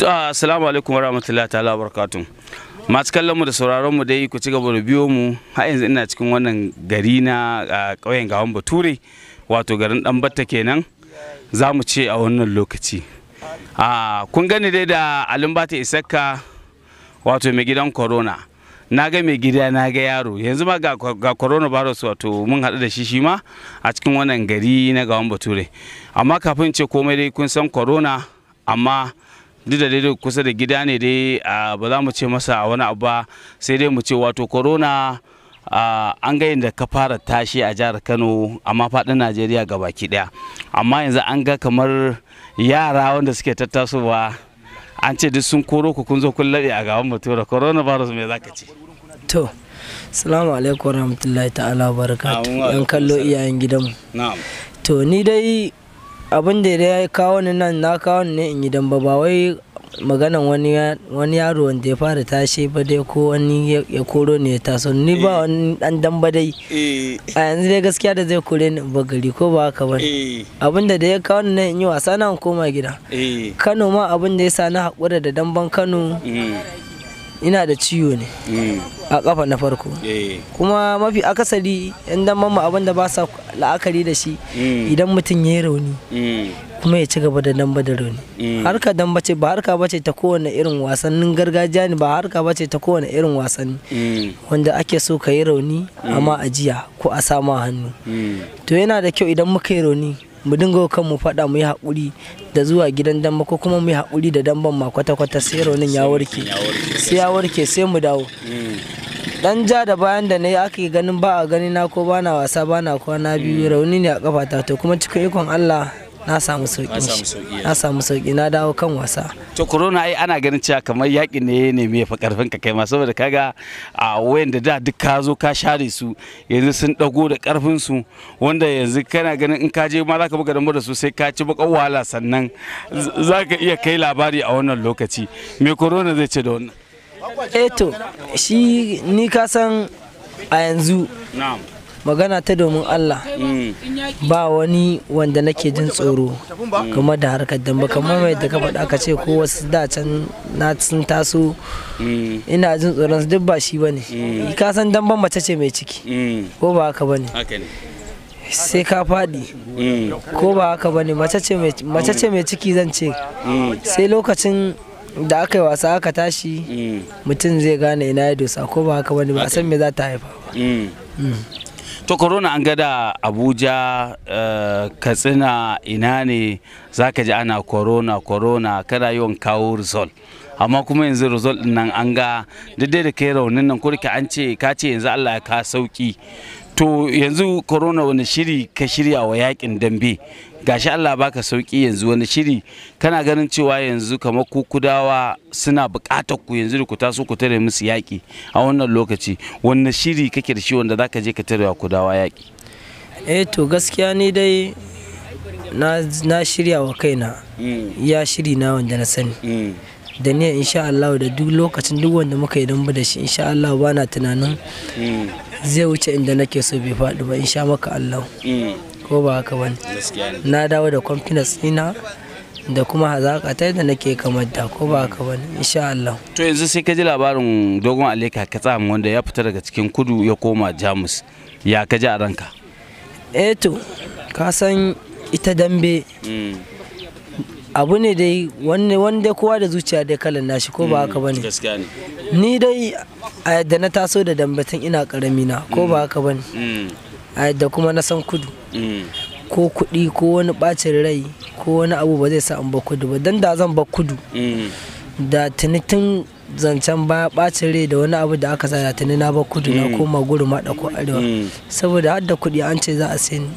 Assalamu alaikum warahmatullahi ta'ala barakatun. Masu kallon mu da sauraron mu dai ku ci gaba da biyo mu har yanzu ina cikin wannan gari na ƙauyen gawan Bature wato garin Dan Batta kenan za mu ce a wannan lokaci. kun gani dai da alin bata Isakka wato mai gidan corona. Na ga mai gida na ga yaro yanzu ma ga, corona virus wato mun haɗu da shi shi ma a cikin wannan gari na gawan Bature. Amma kafin ce komai dai kun san corona amma duk da dai kusa da gida ne dai ba za mu ce masa wani abu ba sai dai mu ce wato corona an ga yadda ka fara tashi a jihar kano amma faɗin najeriya ga baki ɗaya amma yanzu an ga kamar yara wanda suke tattasowa an ce duk sun koro ku kun zo kun laɗe a gaban bature coronavirus virus za ka ce to salamu alaikum warahmatullahi ta'ala barakatu yan kallo iyayen gidanmu to ni dai abin da ya kawo ni nan na kawo ni ne in yi don ba wai maganan wani yaro wanda ya fara tashi ba dai ko wani ya koro ne ya taso ni ba eh. wani dan dan ba dai eh. a yanzu dai gaskiya da zai kore ni ba gari ko ba haka ba eh. abin da ya kawo ni nan in yi wasa na koma gida kano ma abin da ya sa na haƙura da damban kano ina da ciwo ne mm. a kafa na farko eh. kuma mafi akasari yan dan mamma abin da ba sa la'akari da shi mm. idan mutum ya yi rauni mm. kuma ya ci gaba da damba da rauni harka damba ce ba harka bace ta kowane irin wasannin gargajiya ne ba harka bace ta kowane irin wasanni wanda ake so ka yi rauni amma ajiya ko a sama hannu to yana da kyau idan muka yi rauni mu dinga kan mu faɗa mu yi haƙuri da zuwa gidan damba ko kuma mu yi haƙuri da damban ma kwata-kwata sai raunin ya warke sai ya warke sai mu dawo dan ja da bayan da na yi ake ganin ba a gani na ko bana wasa bana kwana biyu rauni ne a kafata to kuma cikin ikon Allah na samu sauki na samu sauki na dawo kan wasa to corona ai ana ganin cewa kamar yaƙi ne ne mai fa karfin ka kai ma saboda kaga a wayanda da da duk ka zo ka share su yanzu sun dago da karfin su wanda yanzu kana ganin in ka je ma zaka buga da su sai ka ci bakan wahala sannan zaka iya kai labari a wannan lokaci me corona zai ce da wannan eh shi ni ka san a yanzu magana ta domin Allah ba wani wanda nake jin tsoro game da harkar damba kamar mai da kafa aka ce ko wasu da can na sun taso ina jin tsoron duk ba shi bane ka san damban mace ce mai ciki ko ba haka bane sai ka faɗi ko ba haka bane mace ce mai ciki zan ce sai lokacin da aka yi wasa aka tashi mutum zai gane ina ya dosa ko ba haka bane ba san me za ta haifa ba mm. Mm. to corona an gada abuja eh, katsina ina ne zaka ji ana corona corona kana yawan kawo result amma kuma yanzu result din nan an ga daidai da kai raunin nan kurka an ce ka ce yanzu Allah ka sauki to yanzu corona wani shiri ka shirya wa yakin dambe gashi Allah baka sauki yanzu wani shiri kana ganin cewa yanzu kamar ku kudawa suna buƙatar ku yanzu da ku taso ku tare musu yaƙi a wannan lokaci wannan shiri kake da shi wanda zaka je ka tare wa kudawa yaƙi eh to gaskiya ni dai na, na shirya wa kaina mm. ya shiri na wanda na sani mm. da ni insha Allah da duk lokacin duk wanda muka yi dan da shi insha Allah bana tunanin mm. zai wuce inda nake so bai faɗi ba insha maka Allah ko ba haka bane na dawo da confidence ina da kuma hazakatai da nake kamar da ko ba haka bane insha Allah to yanzu sai ka ji labarin dogon aleka ka tsamu wanda ya fita daga cikin kudu ya koma jamus ya ka ji a ranka eh to ka san ita dambe mm. abu ne dai wanne wanda kowa da zuciya dai kalan nashi ko ba mm, haka bane ni dai a yadda na taso da dambatan ina karami na ko ba mm. haka bane a yadda kuma na san kudu Mm. ko kuɗi ko wani ɓacin rai ko wani abu ba zai sa in ba kudu ba don da zan mm. ba kudu da tunitin zancen baya ɓacin rai da wani abu da aka sa da tuni na ba kudu na mm. koma guri ma ko arewa saboda har da kuɗi an ce za a sayin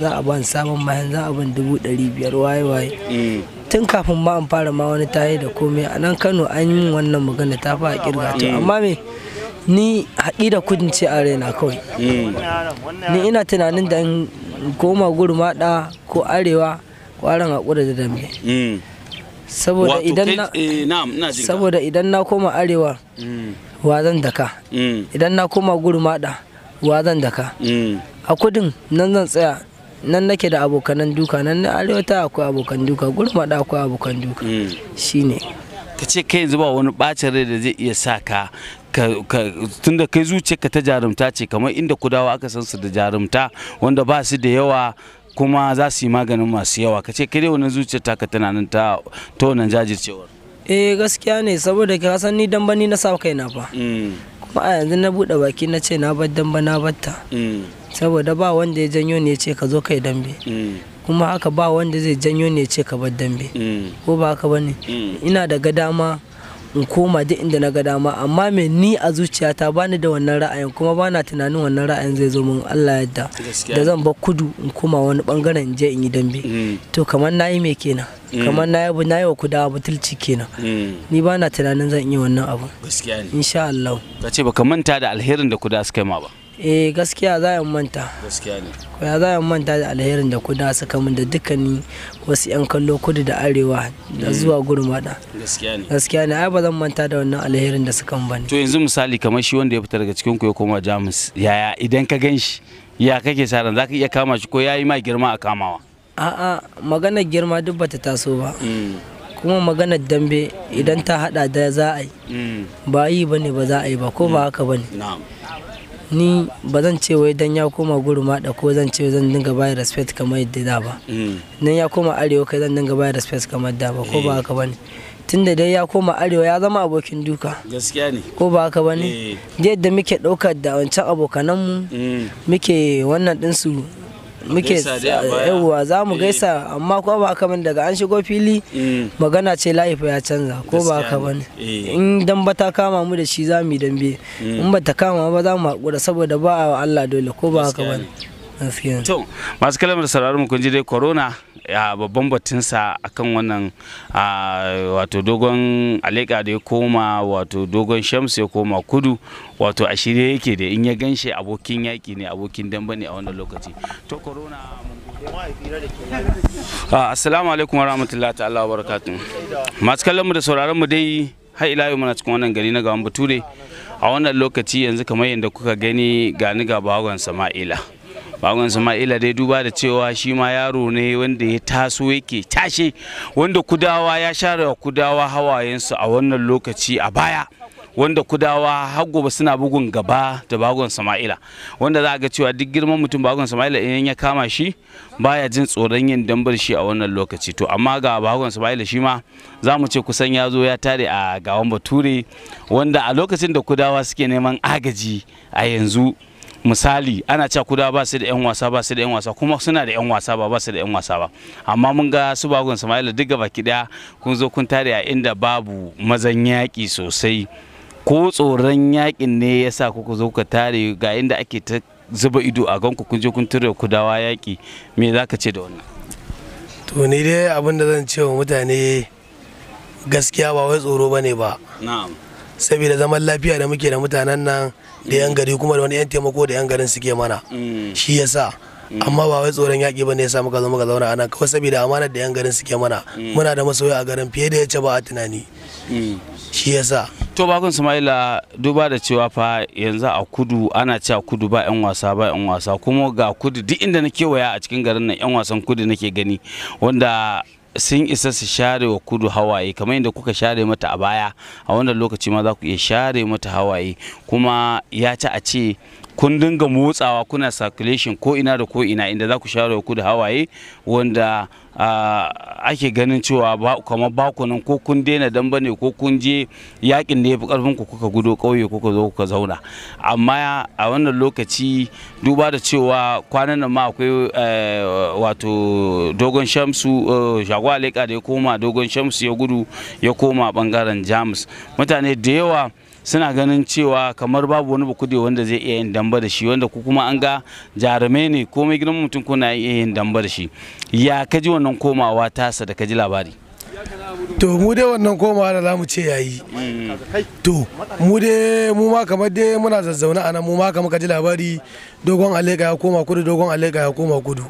za a ban sabon mayan za a ban dubu ɗari biyar waye waye tun kafin ma an fara ma wani yi da komai a nan kano an yi wannan magana ta fa a kirga to amma me ni haƙida kudin ce a raina kawai hmm. ni ina tunanin da in koma gurmaɗa ko arewa ƙwaron haƙura da dambe hmm. eh, saboda idan na koma arewa hmm. wa zan daka idan na koma gurmaɗa wa zan daka a kudin nan zan tsaya nan nake da abokanan duka nan na arewa ta akwai abokan duka gurmaɗa akwai abokan duka shine ka ce kai yanzu ba wani bacin rai da zai iya sa ka tunda kai ka ta jarumta ce kamar inda kudawa aka san su da jarumta wanda ba su da yawa kuma za su yi maganin masu yawa ka ce kai wani wannan ta ka tana nan ta ta wannan jajircewar eh gaskiya ne saboda ka san ni damba ni na sa na ba mm. kuma a yanzu na bude baki na ce na bar damba na batta mm. saboda ba wanda ya janyo ne ya ce ka zo kai dambe mm. kuma haka ba wanda zai janyo ne ya ce ka bar dambe ko ba haka bane ina daga dama in koma duk inda na ga dama amma me ni a zuciyata bani da wannan ra'ayin kuma bana tunanin wannan ra'ayin zai zo min Allah yadda da zan bar kudu in koma wani bangaren je in yi dambe mm. to kamar nayi me kenan mm. kamar na bu nayi yi wa da butulci kenan mm. ni bana tunanin zan yi wannan abu gaskiya ne insha Allah ka ce ka manta da alherin da kuda suka yi ma ba eh gaskiya za a manta gaskiya ne ya za a manta da alherin da kuda suka min da dukkanin wasu yan kallo kudu da arewa da mm. zuwa gurmada gaskiya ne gaskiya ne ai ba zan manta da wannan alherin da suka min to yanzu misali kamar shi wanda ya fita daga cikin ku ya koma jamus yaya idan ka gan shi ya kake sa ran zaka iya kama shi ko yayi ma girma a kamawa a'a magana girma duk bata taso ba mm. kuma maganar dambe idan ta hada da za a yi mm. ba yi bane ba za a yi ba ko ba haka bane na'am ni ba zan ce wai dan ya koma gurma da ko zan ce zan dinga bayar respect kamar yadda da ba nan mm. ya koma arewa kai zan dinga bayar respect kamar da ba ko ba eh. haka bane tunda dai ya koma arewa ya zama abokin duka gaskiya ne ko ba haka bane eh. da yadda muke ɗaukar da wancan abokanan mu mm. muke wannan ɗinsu muke yawwa za mu eh. gaisa amma ko ba haka daga an shigo fili mm. magana ce laifi ya canza ko ba haka bane eh. in dan ba ta kama mu da shi za mu yi dambe mm. in ba ta kama ba za mu haƙura saboda ba Allah dole ko ba haka bane to masu kalmar sararin mu kun ji dai corona babban batunsa kan wannan wato dogon aleka da ya koma wato dogon shamsu ya koma kudu wato a shirye yake da in ya ganshe abokin yaƙi ne abokin damba ne a wannan lokaci to corona assalamu alaikum warahmatullahi ta'ala wa barakatun masu kallon mu da sauraron mu dai har ila yau muna cikin wannan gari na gawan bature a wannan lokaci yanzu kamar yadda kuka gani gani ga bagon sama'ila bagon sama'ila dai duba da cewa shi ma yaro ne wanda ya taso yake tashe wanda kudawa ya share wa kudawa hawayensu a wannan lokaci a baya wanda kudawa har gobe suna bugun gaba da bagon sama'ila wanda za a ga cewa duk girman mutum bagon sama'ila idan ya kama shi baya jin tsoron yin dambar shi a wannan lokaci to amma ga bagon sama'ila shi ma za mu ce kusan ya zo ya tare a gawan bature wanda a lokacin da kudawa suke neman agaji a yanzu misali ana cewa kuda ba su da yan wasa ba su da yan wasa kuma suna da yan wasa ba ba su da yan wasa ba amma mun ga su gun Sama'ila duk gaba daya kun zo kun tare a inda babu mazan yaƙi sosai ko tsoron yaƙin ne ya sa kuka zo ka tare ga inda ake ta zuba ido a ganku kun je kun tura kudawa yaƙi me za ka ce da wannan to ni dai abin da zan ce wa mutane gaskiya ba wai tsoro ba ne ba na'am saboda zaman lafiya da muke da mutanen nan da yan gari kuma da wani yan taimako da yan garin suke mana mm. shi yasa mm. amma ba wai tsoron yaƙi ba ne ya sa muka zama zauna anan kawai saboda amanar da yan garin suke mana mm. muna da masoya a garin fiye da yace ba a tunani shi yasa to bakun Sumaila duba da cewa fa yanzu a kudu ana cewa kudu ba yan wasa ba yan wasa kuma ga kudu duk inda na kewaya a cikin garin nan yan wasan kudu nake gani wanda sun isa su share wa kudu hawaye kamar yadda kuka share mata a baya a wannan lokaci ma za ku iya share mata hawaye kuma ya ci a ce kun dinga motsawa kuna circulation ko ina da ko ina inda za ku share wa kudu hawaye wanda ake ganin cewa ba kamar baku ko kun daina dan bane ko kun je yakin da ya fi karfin ku kuka gudo kauye kuka zo kuka zauna amma a wannan lokaci duba da cewa kwanan nan ma akwai eh, wato dogon shamsu eh, shagwa da ya koma dogon shamsu ya gudu ya koma bangaren jamus mutane da yawa suna ganin cewa kamar babu wani bakude wanda zai iya yin damba da shi wanda ku kuma an ga jarumai ne komai gidan mutum kuna iya yin damba da shi ya kaji wannan komawa tasa da kaji labari to mu dai wannan komawa da zamu ce yayi to mu dai mu ma kamar dai muna zazzauna anan mu ma kamar kaji labari dogon alega ya koma kudu dogon alega ya koma kudu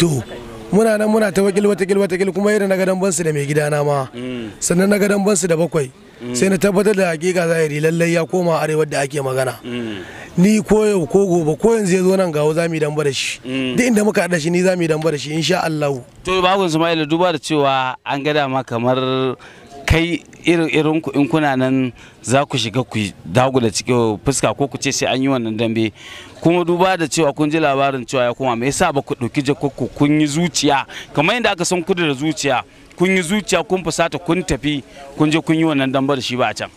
to muna nan muna ta wakil wata kil kuma irin na gadan bansu da mai gidana ma mm. sannan na gadan bansu da bakwai sai na tabbatar da hakika zahiri lallai ya koma arewa da ake magana mm. ni ko yau ko gobe ko yanzu ya zo nan gawo za mu damba da shi mm. duk inda muka haɗa shi ni za mu damba da shi insha Allah to babu Ismail duba da cewa an gada ma kamar kai irin irin ku in kuna nan za ku shiga ku dagu da cikin fuska ko ku ce sai an yi wannan dambe kuma duba da cewa kun ji labarin cewa ya koma me yasa ba ku ɗauki jakku kun yi zuciya kamar yadda aka san kudu da zuciya kun yi zuciya kun fusata kun tafi kun je kun yi wannan damba da shi ba a can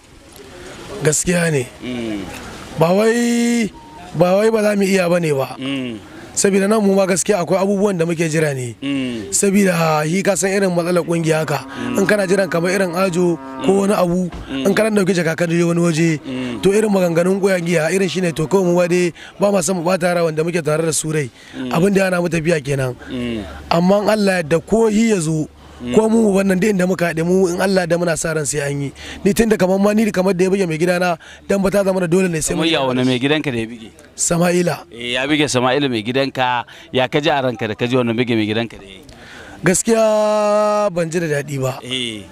gaskiya ne mm. ba wai ba za mu iya bane ba mm. saboda nan mu ma gaskiya akwai abubuwan da muke jira ne mm. saboda shi ka san irin matsalar kungiya haka in kana jiran kamar irin ajo ko wani abu in kana dauke jaka ka wani waje to irin maganganun kungiya irin shine to kawai mu ba dai ba ma san mu bata tare wanda muke tare da surai. rai abin da yana mu tafiya kenan amma Allah ya da ko hi ya zo ko mu wannan da inda muka haɗe mu in Allah da muna sa ran sai an yi ni tunda kamar ma ni kamar da ya bige mai gidana dan ba ta zama dole ne sai mu ya wani mai gidanka da ya bige Sama'ila eh ya bige Sama'ila mai gidanka ya kaji a ranka da kaji wannan bige mai gidanka da yayi gaskiya ban ji da daɗi ba eh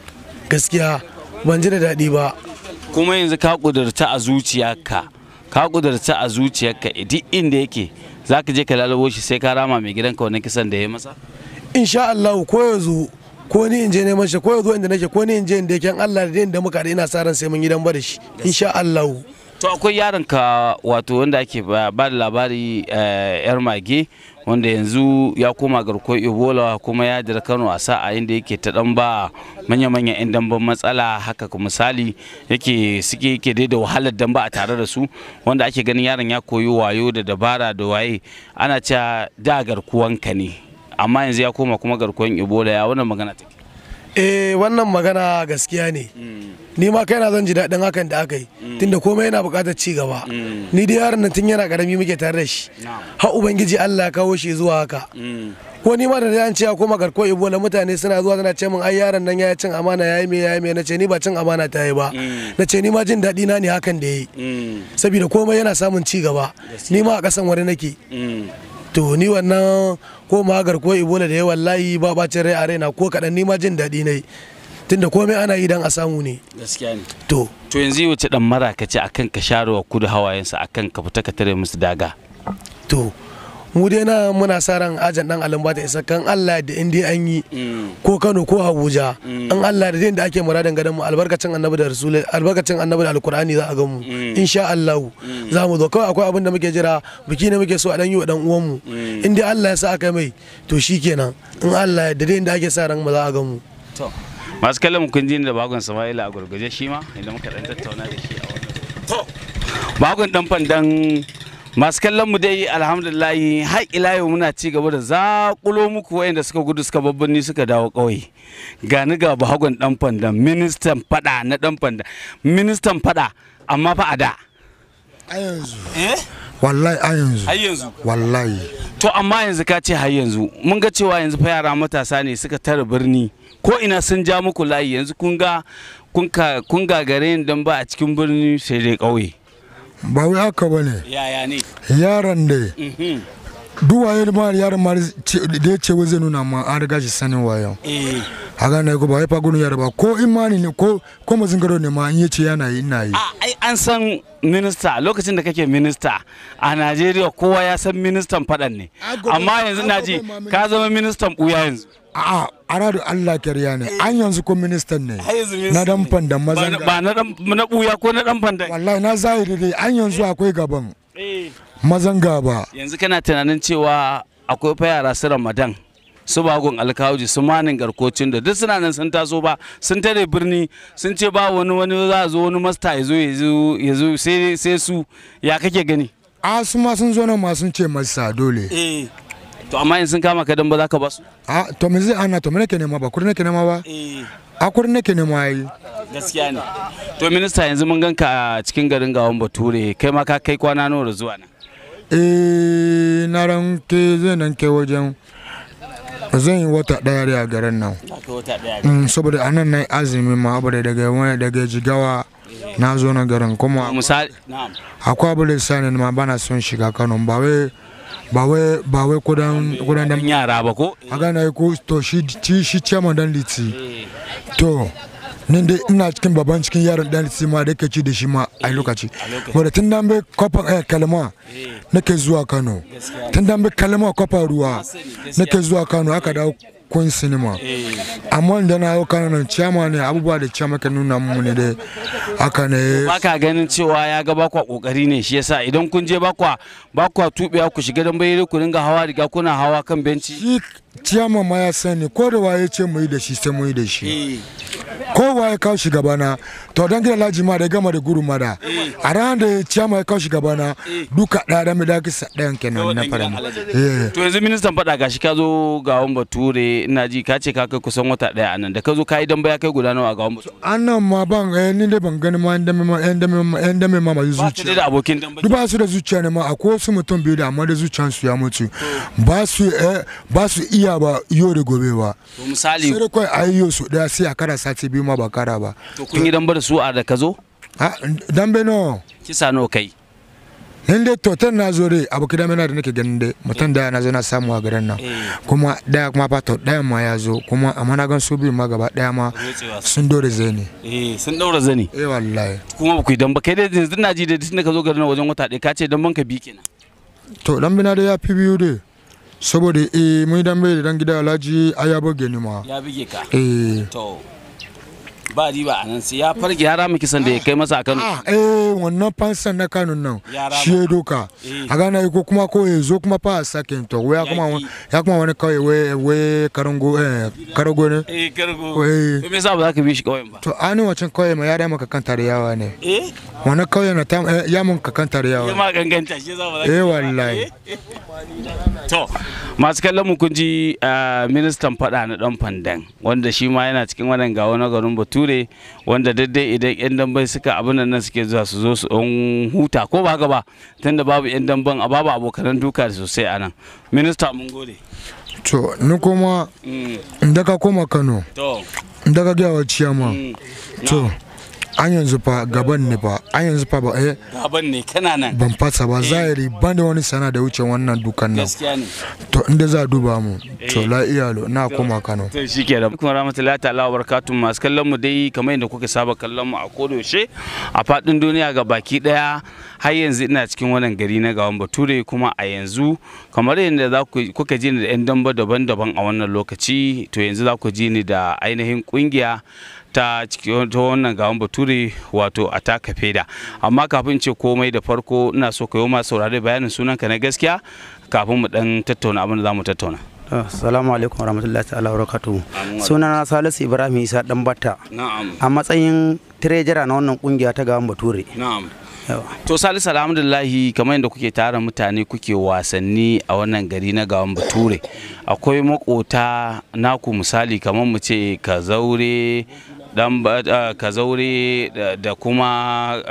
gaskiya ban ji da daɗi ba kuma yanzu ka kudurta a zuciyarka ka kudurta a zuciyarka eh, duk inda yake zaka je ka lalabo shi sai ka rama mai gidanka wannan kisan da ya masa insha Allah ko yanzu ko ni in je neman shi ko yanzu inda nake ko ni in je inda yake Allah da inda muka da ina sa ran sai mun gidan ba da shi insha Allah to akwai yaron ka wato wanda ake ba da labari eh, yar mage wanda yanzu ya koma garkuwar ebola kuma ya jira kano a sa'a inda yake ta dan ba manya-manyan 'yan damban matsala haka misali yake suke yake dai da wahalar damba a tare da su wanda ake ganin yaron ya koyi wayo da dabara da waye ana cewa da garkuwanka ne amma yanzu ya koma kuma garkuwan ebola ya wannan magana take eh wannan magana gaskiya ne mm. ni ma kaina zan ji daɗin hakan da aka yi mm. tunda komai yana buƙatar ci gaba mm. ni da yaron nan tun yana ƙarami muke tare da shi har ubangiji Allah ya kawo shi zuwa haka ko ni ma da an ce ya koma garko ebola mutane suna zuwa suna ce min ai yaron nan ya cin amana ya yi me ya yi me ce ni ba cin amana ta yi ba Na ce ni ma jin daɗi na ne hakan da yi saboda komai yana samun ci gaba ni ma a ƙasan wani nake to ni wannan ko magar ko ibola da ya wallahi ba bacin rai a raina ko kadan nima jin daɗi na yi tunda komai ana yi dan a samu ne gaskiya ne to to yanzu wuce dan mara ka ce akan ka sharuwa kudu hawayensa akan ka fita ka tare musu daga to mu dai na muna sa ran ajan dan ba ta isa kan Allah da in dai an yi mm. ko Kano ko Abuja an mm. Allah da da ake muradin gadan mu albarkacin annabi da rasulai albarkacin annabi da alkur'ani za a ga mu mm. insha Allah za mu zo kawai akwai abin da muke jira biki ne muke so a dan yi wa dan uwan mu in dai Allah ya sa aka mai to shikenan in Allah da da ake sa ran mu za a ga mu masu kallon kun ji da bagon Sama'ila a gurguje shi ma idan muka dan tattauna da shi a wannan bagon dan fandan masu kallon mu dai alhamdulillah har ila yau muna ci gaba da zakulo muku wayanda suka gudu suka babbanni suka dawo kauye gani ga bahagon dan fanda ministan fada na dan fanda ministan fada amma fa a da a yanzu eh wallahi a yanzu yanzu wallahi to amma yanzu ka ce har yanzu mun ga cewa yanzu fa yara matasa ne suka tara birni ko ina sun ja muku layi yanzu kun ga kun gagare ni ba a cikin birni sai dai kauye ba wai haka ba ne yaya ne yaran mhm. da duwaye yi ma yaran ma da ya ce wai zai nuna ma an riga shi sanin wayo haga eh. na ko ba ya fagunin yara ba ko imani ne ko ko mazingaro ne ma an yace yana yi ina yi ai an san minista lokacin da kake minista a Najeriya kowa ya san ministan fadan ne amma yanzu naji ka zama ministan buya yanzu a'a aradu Allah kariya ne eh. an yanzu ko ministan ne na dan fanda mazan ba na dan na buya ko na dan fanda wallahi na zahiri dai an yanzu akwai gaban eh. mazan gaba yanzu kana tunanin cewa akwai fa yara su ramadan su bagon alkawuji su manin garkocin da duk suna nan sun taso ba sun tare birni sun ce ba wani wani za zo wani masta ya zo ya zo sai su ya kake gani a su ma sun zo nan ma sun ce masta dole eh to amma in sun kama ka dan ba za ka ba su a to me zai ana to me nake nema ba kur nake nema ba eh a kur nake nema yi gaskiya ne to minista yanzu mun ganka cikin garin gawan bature kai ma ka kai kwana nawa zuwa nan Eh, na ranke zai nan ke wajen zan yi wata daya a garin nan mm, saboda a nan na yi azumi ma abu da daga wani daga jigawa na zo na garin kuma akwai abu da sani ma bana son shiga kano ba wai ba wai ba wai kudan yara ba ko a gana ko to shi shi ma dan liti eh. to nan dai ina cikin babban cikin yaron dan sima da kace ci da shi ma a lokaci eh, wanda tun dan bai kofar eh, kalma eh. nake zuwa Kano tun dan bai kalma kofar ruwa nake zuwa Kano aka dawo Queen Cinema eh. amma da na yau kana nan ciyama ne abubuwa da ciyama ka nuna mu ne dai haka ne ba ka ganin cewa ya ga bakwa kokari ne shi yasa idan kun je bakwa bakwa tubewa ku shiga dan bai ku ringa hawa riga kuna hawa kan benci ciyama ma ya sani ko da waye ce mu yi da shi sai mu yi da shi eh. ko waye kawo shi gabana to dan gidan laji ma da gama da guru mada eh. a ran da ciyama ya kawo shi gabana eh. duka da da da kisa ɗayan kenan na fara to yanzu ministan faɗa gashi ka zo ga wani bature ina ji ka ce ka kai kusan wata ɗaya anan da ka zo ka yi dan baya kai guda nawa ga wani bature annan ma ban ni dai ban gani ma yan dame ma yan ma yan ma mai zuciya da abokin dan ba su da zuciya ne ma akwai su mutum biyu da amma da zuciyansu ya mutu ba su iya iya ba yau da gobe ba to misali sai kai ai yau su da sai a kara sati biyu ma ba kara ba to kun yi dan bar su a da ka zo ha dambe no kisa no kai nan dai to tan na zo re abu kidan da nake ganin dai mutum eh. da na zo na samu a garin nan eh. kuma daya kuma fa to da ma ya zo kuma amma na gan su biyu ma gaba daya ma sun dore zani eh sun dora zani eh wallahi kuma ba ku dan ba kai dai yanzu na ji dai tun da ka zo garin wajen wata ɗaya ka ce dan banka bi kenan to dan bina da ya fi biyu dai saboda eh mun dan bai dan gida Alhaji ai ya ya buge ka eh to ba riba a nan sai ya farge ya rama kisan da ya kai masa a Kano ah, eh wannan fansan na Kano nan shi ya doka eh. a gana ko kuma ko ya zo kuma fa a sakin to ya kuma ya kuma wani kauye we we karango eh karago ne eh karago eh me yasa ba za ka bi shi kauyen ba to ani wancan kauye ma ya rama ka kan tarayawa ne eh wannan kauye na ta eh, ya mun ka kan tarayawa ya ma ganganta shi za ba za ka eh wallahi eh? to masu kallon mu kun ji ah, ministan fada na dan fandan wanda shi ma yana cikin wannan gawo na garin batu bature wanda daidai idan yan damban suka abin nan suke zuwa su zo su ɗan huta ko ba gaba tunda babu yan damban a babu abokanan duka sosai a nan minista mun gode to ni kuma mm. daga koma kano daga gawa ciyama mm. to an yanzu fa gaban ne fa an yanzu fa ba eh gaban ne kana nan ban fasa ba eh. zahiri ban da wani sana da wuce wannan dukan nan gaskiya ne to inda za a duba mu eh. to la iyalo na koma Kano to shikenan kuma rahmatullahi ta'ala wa barakatun masu kallon mu dai kamar yadda kuka saba kallon mu a kodoshe a fadin duniya ga baki daya har yanzu ina cikin wannan gari na gawan bature kuma a yanzu kamar yadda za ku kuka ji ni da yan damba daban-daban a wannan lokaci to yanzu za ku ji ni da ainihin kungiya ta ta wannan gawan bature wato a taka feda amma kafin ce komai da farko ina so ka yi ma saurare bayanin sunanka na gaskiya kafin mu dan tattauna abin da za mu tattauna Assalamu ah, alaikum warahmatullahi ta'ala barakatuhu. Sunana Salisu Ibrahim Isa dan Batta. A matsayin trejara na wannan kungiya ta gawan Bature. Na'am. To Salisu alhamdulillahi kamar yadda kuke tara mutane kuke wasanni a wannan gari na gawan Bature. Akwai makota naku misali kamar mu ce ka zaure dan kazauri da kuma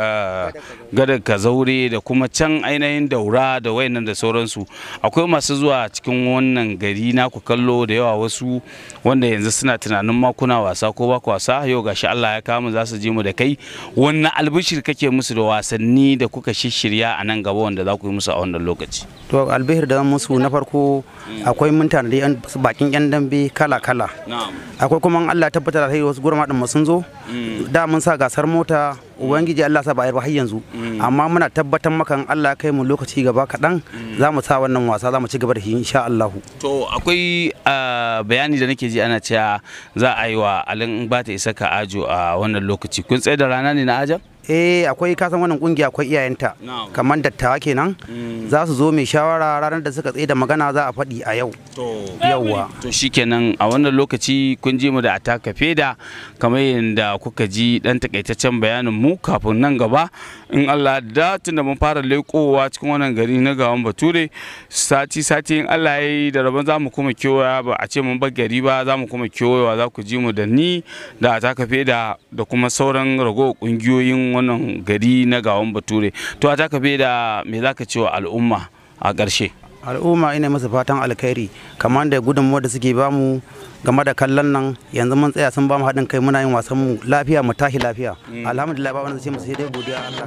gadar kazauri da kuma can ainihin daura da wayannan da sauransu akwai masu zuwa cikin wannan gari na ku kallo da yawa wasu wanda yanzu suna tunanin ma kuna wasa ko ba wasa yau gashi Allah ya kama za su je mu da kai wannan albishir kake musu da wasanni da kuka shishirya a nan gaba wanda za ku yi musu a wannan lokaci to albishir da musu na farko hmm. akwai mun tanadi bakin yan dambe kala kala akwai kuma Allah tabbatar da wasu gurma din musu sun zo mm. da mun sa gasar mota mm. ubangiji Allah sa ba har yanzu mm. amma muna tabbatar maka Allah ya kai mu lokaci gaba kaɗan za mu sa wannan wasa za mu ci gaba da shi insha Allah to akwai bayani da nake ji ana cewa za a yi wa alin ba ta isa ka ajo a wannan lokaci kun tsaye da rana ne na ajan eh akwai kasan wannan kungiya akwai iyayenta kamar dattawa kenan mm. za su zo mai shawara ranar da suka tsaye da magana za a faɗi a yau yauwa to shikenan a wannan lokaci kun ji mu da ataka feda kamar yadda kuka ji dan takaitaccen bayanin mu kafin nan gaba in Allah da tunda mun fara lekowa cikin wannan gari na gawan bature sati sati in Allah ya yi da rabon za mu kuma kewaya ba a ce mun bar gari ba za mu kuma kewayewa za ku ji mu da ni da ta kafe da kuma sauran rago kungiyoyin wannan gari na gawan bature to a kafe da me za ka ce wa al'umma a ƙarshe al'umma ina masu fatan alkhairi kamar da gudunmuwa da suke bamu game da kallon nan yanzu mun tsaya sun bamu haɗin kai muna yin wasan mu lafiya mu tashi lafiya mm. alhamdulillah ba wanda zai mu sai dai godiya Allah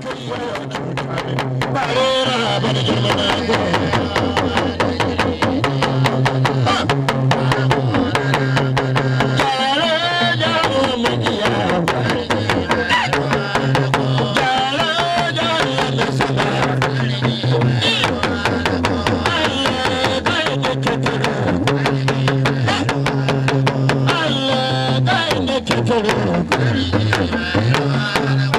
I'm gonna go to the hospital.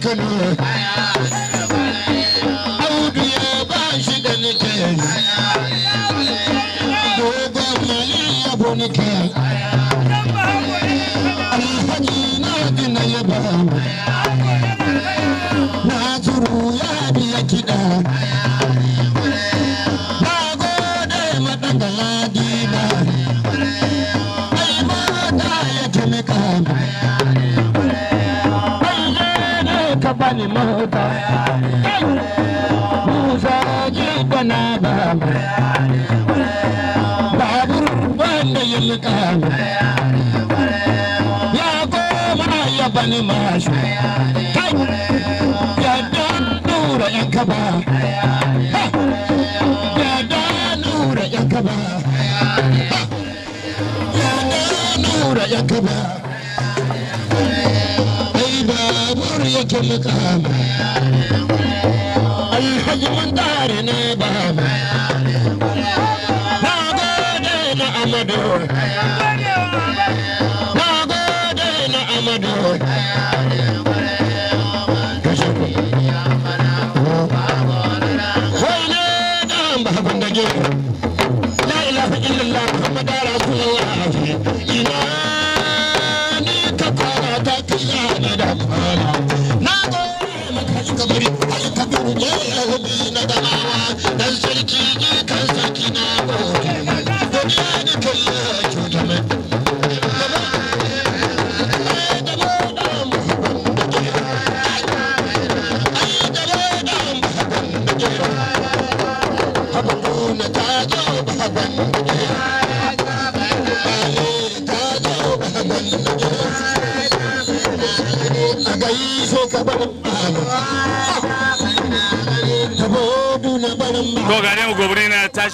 Kano Audu ya ba shi da nike Dogon mali yabo nike Alhaji na gina yaba Na turu ya biya kiɗa na ba babur wanda ya luka ya goma ya bani mashi kai ya nura ya nura ya nura yake makama alhaji mun tare ne baba na gode na amadu na gode na amadu Adamawa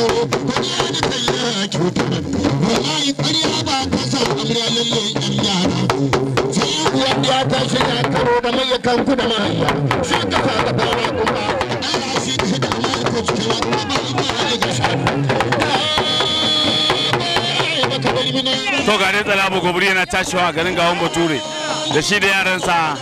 kallo da ta da shi ga dai yana tashiwa a garin gawan bature da shi da yaransa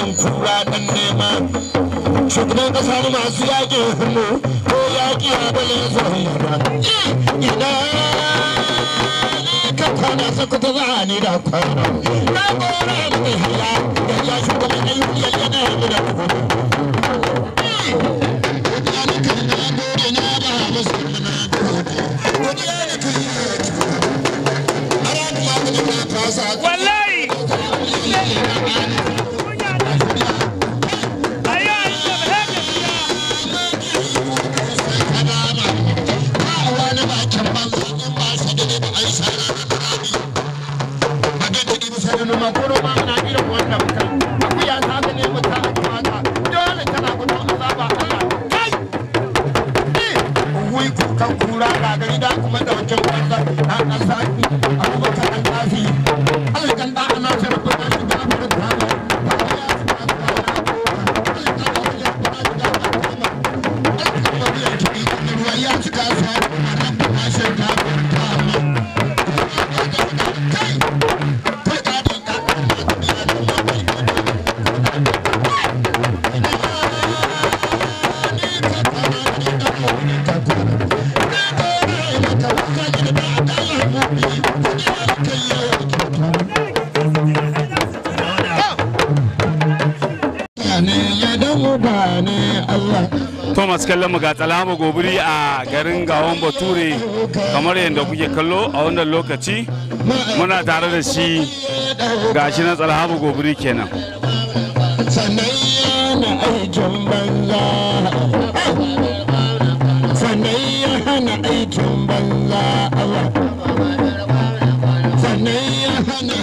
yakin kowa nema shugaban kasa mu masu yakin hannu ko yaki a bale zariya ba ina ka kwana sakuta za ni da kwana na gora mu da hila da ya shugaban ayyukan yana da kuma Father kallon mu ga tsalama gobiri a garin gawon bature kamar yadda kuke kallo a wannan lokaci muna tare da shi ga shi na tsalama gobiri kenan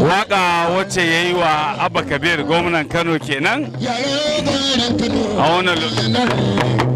waka wacce ya yi wa abba kabir gwamnan kano kenan a wani lokaci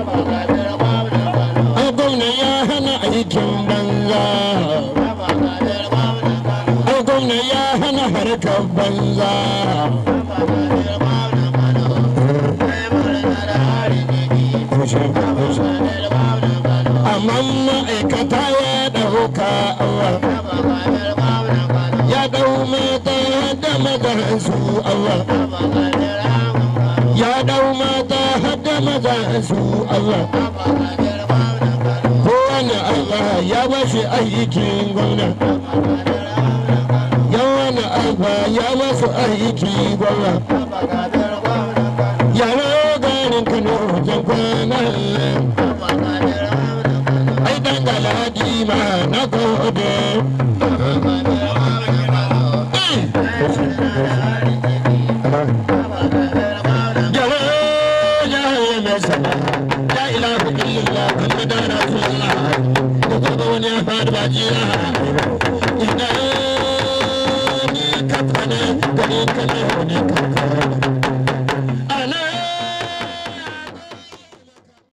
amman ma'aikata ya ɗauka Allah ya ɗau mata hada mazaransu Allah ya ɗau mata hada mazaransu Allah kowane Allah ya bashi aikin gwamna ba ya masu aiki gwamna ya mayo garin kano jan kwana ai dan galadi ma na gode Yeah.